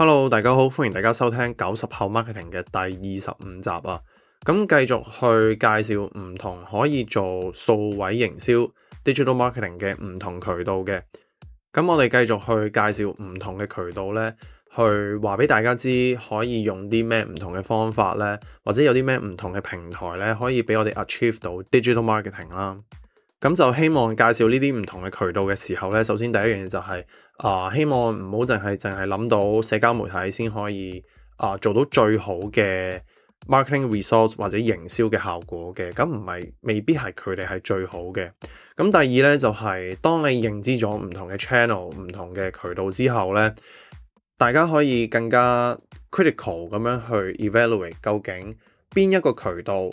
Hello，大家好，歡迎大家收聽九十後 marketing 嘅第二十五集啊！咁繼續去介紹唔同可以做數位營銷 digital marketing 嘅唔同渠道嘅。咁我哋繼續去介紹唔同嘅渠道咧，去話俾大家知可以用啲咩唔同嘅方法咧，或者有啲咩唔同嘅平台咧，可以俾我哋 achieve 到 digital marketing 啦。咁就希望介紹呢啲唔同嘅渠道嘅時候呢，首先第一樣嘢就係、是、啊、呃，希望唔好淨係淨係諗到社交媒體先可以啊、呃、做到最好嘅 marketing resource 或者營銷嘅效果嘅，咁唔係未必係佢哋係最好嘅。咁第二呢，就係、是、當你認知咗唔同嘅 channel、唔同嘅渠道之後呢，大家可以更加 critical 咁樣去 evaluate 究竟邊一個渠道。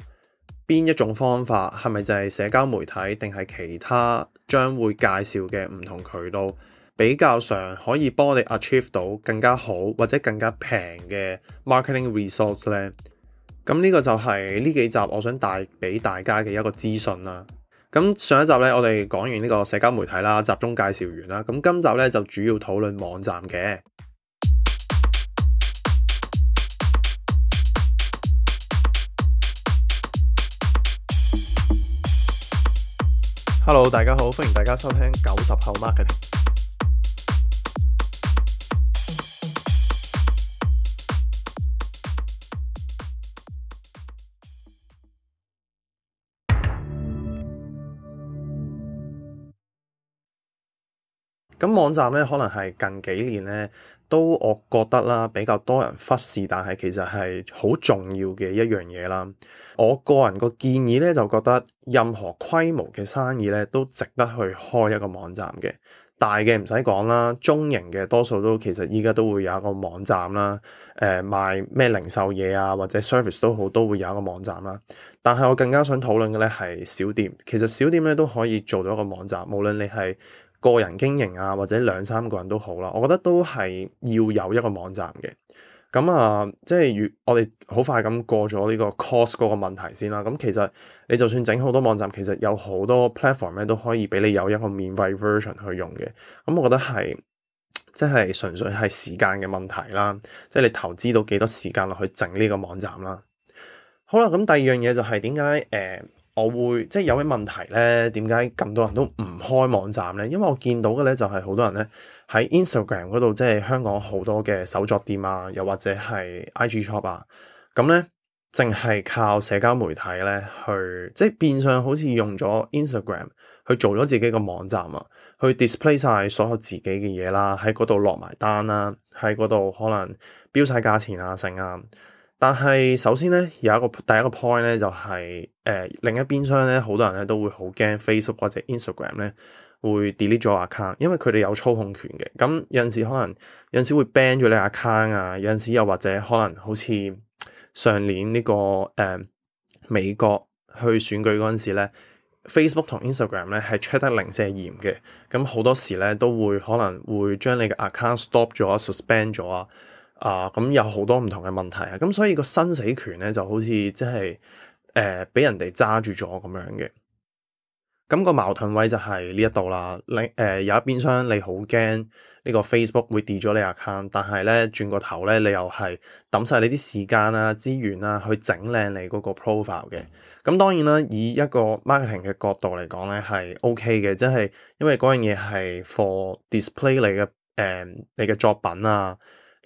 邊一種方法係咪就係社交媒體，定係其他將會介紹嘅唔同渠道比較上可以幫你 achieve 到更加好或者更加平嘅 marketing resource 呢？咁呢個就係呢幾集我想帶俾大家嘅一個資訊啦。咁上一集呢，我哋講完呢個社交媒體啦，集中介紹完啦。咁今集呢，就主要討論網站嘅。Hello，大家好，歡迎大家收聽九十後 Marketing。咁網站咧，可能係近幾年咧，都我覺得啦比較多人忽視，但係其實係好重要嘅一樣嘢啦。我個人個建議咧，就覺得任何規模嘅生意咧，都值得去開一個網站嘅。大嘅唔使講啦，中型嘅多數都其實依家都會有一個網站啦。誒、呃、賣咩零售嘢啊，或者 service 都好，都會有一個網站啦。但係我更加想討論嘅咧係小店，其實小店咧都可以做到一個網站，無論你係，個人經營啊，或者兩三個人都好啦，我覺得都係要有一個網站嘅。咁啊，即係如我哋好快咁過咗呢個 cost 嗰個問題先啦。咁其實你就算整好多網站，其實有好多 platform 咧都可以俾你有一個免費 version 去用嘅。咁我覺得係即係純粹係時間嘅問題啦，即係你投資到幾多時間落去整呢個網站啦。好啦，咁第二樣嘢就係點解誒、呃我會即係有咩問題呢，點解咁多人都唔開網站呢？因為我見到嘅呢，就係好多人呢，喺 Instagram 嗰度，即係香港好多嘅手作店啊，又或者係 IG shop 啊，咁呢，淨係靠社交媒體呢去即係變相好似用咗 Instagram 去做咗自己個網站啊，去 display 晒所有自己嘅嘢啦，喺嗰度落埋單啦，啊，喺嗰度可能標晒價錢啊成啊。但係首先咧，有一個第一個 point 咧，就係、是、誒、呃、另一邊廂咧，好多人咧都會好驚 Facebook 或者 Instagram 咧會 delete 咗 account，因為佢哋有操控權嘅。咁有陣時可能有陣時會 ban 咗你 account 啊，有陣時又或者可能好似上年呢、這個誒、呃、美國去選舉嗰陣時咧，Facebook 同 Instagram 咧係 check 得零舍嚴嘅。咁好多時咧都會可能會將你嘅 account stop 咗、suspend 咗啊。啊，咁有好多唔同嘅問題啊，咁所以個生死權咧就好似即係，誒、呃、俾人哋揸住咗咁樣嘅。咁、那個矛盾位就係呢一度啦。你、呃、誒有一邊廂你好驚呢個 Facebook 會跌咗你 account，但係咧轉個頭咧你又係抌晒你啲時間啊資源啊去整靚你嗰個 profile 嘅。咁當然啦，以一個 marketing 嘅角度嚟講咧係 OK 嘅，即係因為嗰樣嘢係 for display 你嘅誒、呃、你嘅作品啊。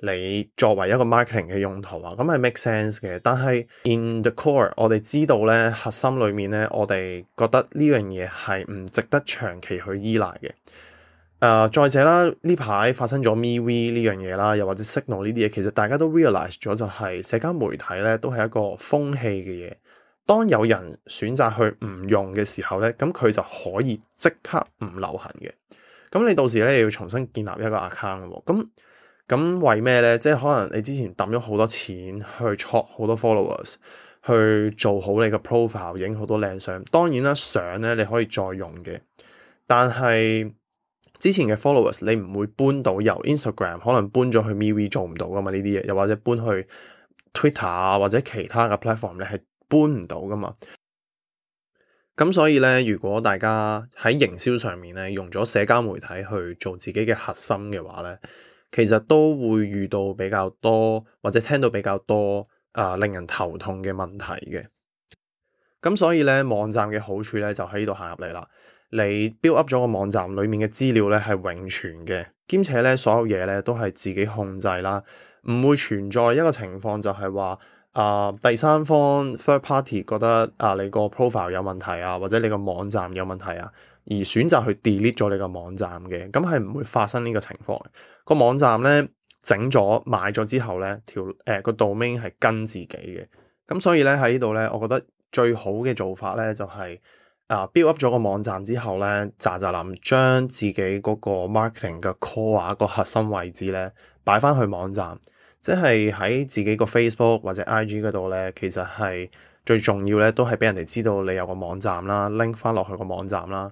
你作為一個 marketing 嘅用途啊，咁係 make sense 嘅。但係 in the core，我哋知道咧核心裡面咧，我哋覺得呢樣嘢係唔值得長期去依賴嘅。誒、呃，再者啦，呢排發生咗 MeWe 呢樣嘢啦，又或者 Signal 呢啲嘢，其實大家都 realize 咗就係、是、社交媒體咧都係一個風氣嘅嘢。當有人選擇去唔用嘅時候咧，咁佢就可以即刻唔流行嘅。咁你到時咧要重新建立一個 account 喎，咁。咁為咩呢？即係可能你之前抌咗好多錢去拓好多 followers，去做好你個 profile，影好多靚相。當然啦，相呢你可以再用嘅，但係之前嘅 followers 你唔會搬到由 Instagram 可能搬咗去 MeWe 做唔到噶嘛？呢啲嘢又或者搬去 Twitter 啊或者其他嘅 platform 你係搬唔到噶嘛？咁所以呢，如果大家喺營銷上面呢，用咗社交媒體去做自己嘅核心嘅話呢。其實都會遇到比較多或者聽到比較多啊、呃、令人頭痛嘅問題嘅，咁所以呢，網站嘅好處呢就喺呢度行入嚟啦。你 build up 咗個網站裏面嘅資料呢係永存嘅，兼且呢所有嘢呢都係自己控制啦，唔會存在一個情況就係話啊第三方 third party 覺得啊、呃、你個 profile 有問題啊，或者你個網站有問題啊。而選擇去 delete 咗你個網站嘅，咁係唔會發生呢個情況。個網站呢，整咗買咗之後呢，條誒、呃個 domain 係跟自己嘅，咁所以呢，喺呢度呢，我覺得最好嘅做法呢，就係、是、啊 build up 咗個網站之後呢，就就諗將自己嗰個 marketing 嘅 core 啊個核心位置呢，擺翻去網站，即係喺自己個 Facebook 或者 IG 嗰度呢。其實係最重要呢，都係俾人哋知道你有個網站啦，link 翻落去個網站啦。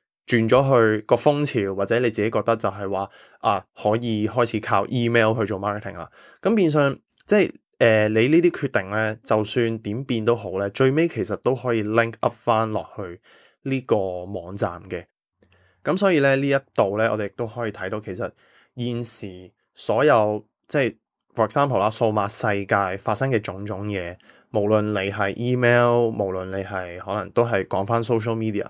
轉咗去個風潮，或者你自己覺得就係話啊，可以開始靠 email 去做 marketing 啦。咁變相，即係誒、呃，你呢啲決定咧，就算點變都好咧，最尾其實都可以 link up 翻落去呢個網站嘅。咁所以咧，呢一度咧，我哋亦都可以睇到，其實現時所有即係 for example 啦，數碼世界發生嘅種種嘢，無論你係 email，無論你係可能都係講翻 social media。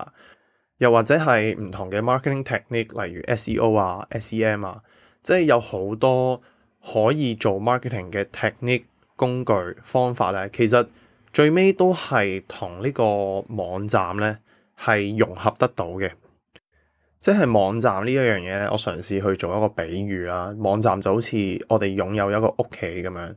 又或者係唔同嘅 marketing technique，例如 SEO 啊、SEM 啊，即係有好多可以做 marketing 嘅 technique 工具方法咧。其實最尾都係同呢個網站咧係融合得到嘅。即係網站呢一樣嘢咧，我嘗試去做一個比喻啦。網站就好似我哋擁有一個屋企咁樣。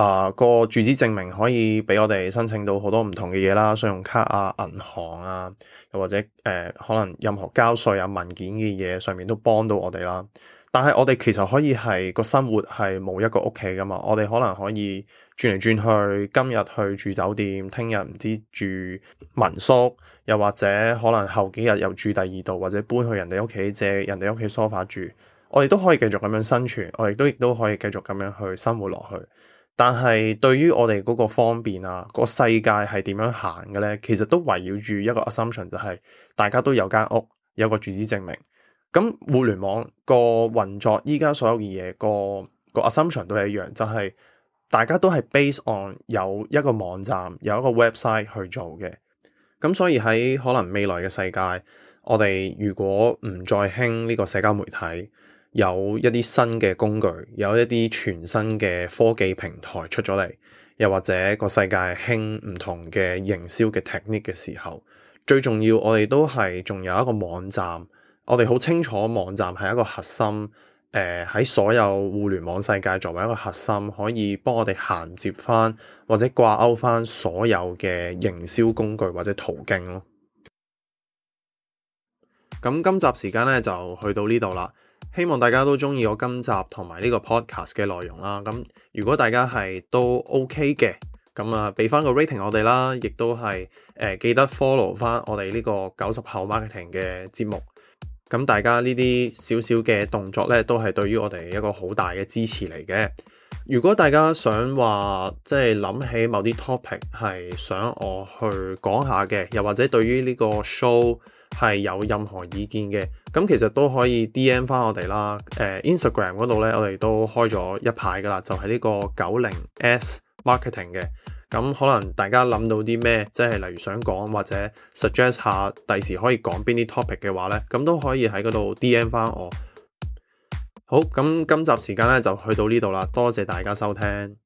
啊！個住址證明可以俾我哋申請到好多唔同嘅嘢啦，信用卡啊、銀行啊，又或者誒、呃，可能任何交稅啊文件嘅嘢上面都幫到我哋啦。但係我哋其實可以係個生活係冇一個屋企㗎嘛，我哋可能可以轉嚟轉去，今日去住酒店，聽日唔知住民宿，又或者可能後幾日又住第二度，或者搬去人哋屋企借人哋屋企梳化住，我哋都可以繼續咁樣生存，我哋都亦都可以繼續咁樣去生活落去。但係對於我哋嗰個方便啊，個世界係點樣行嘅呢？其實都圍繞住一個 assumption，就係大家都有間屋，有個住址證明。咁互聯網個運作，依家所有嘅嘢個個 assumption 都係一樣，就係大家都係 base on 有一個網站，有一個 website 去做嘅。咁所以喺可能未來嘅世界，我哋如果唔再興呢個社交媒體。有一啲新嘅工具，有一啲全新嘅科技平台出咗嚟，又或者個世界興唔同嘅營銷嘅 technique 嘅時候，最重要我哋都係仲有一個網站，我哋好清楚網站係一個核心，誒、呃、喺所有互聯網世界作為一個核心，可以幫我哋銜接翻或者掛鈎翻所有嘅營銷工具或者途徑咯。咁今集時間咧就去到呢度啦。希望大家都中意我今集同埋呢個 podcast 嘅內容啦。咁如果大家係都 OK 嘅，咁啊俾翻個 rating 我哋啦，亦都係誒、呃、記得 follow 翻我哋呢個九十後 marketing 嘅節目。咁大家呢啲少少嘅動作呢，都係對於我哋一個好大嘅支持嚟嘅。如果大家想話即係諗起某啲 topic 係想我去講下嘅，又或者對於呢個 show，係有任何意見嘅，咁其實都可以 DM 翻我哋啦。誒，Instagram 嗰度咧，我哋都開咗一排噶啦，就係呢個九零 S Marketing 嘅。咁可能大家諗到啲咩，即係例如想講或者 suggest 下第時可以講邊啲 topic 嘅話咧，咁都可以喺嗰度 DM 翻我。好，咁今集時間咧就去到呢度啦，多謝大家收聽。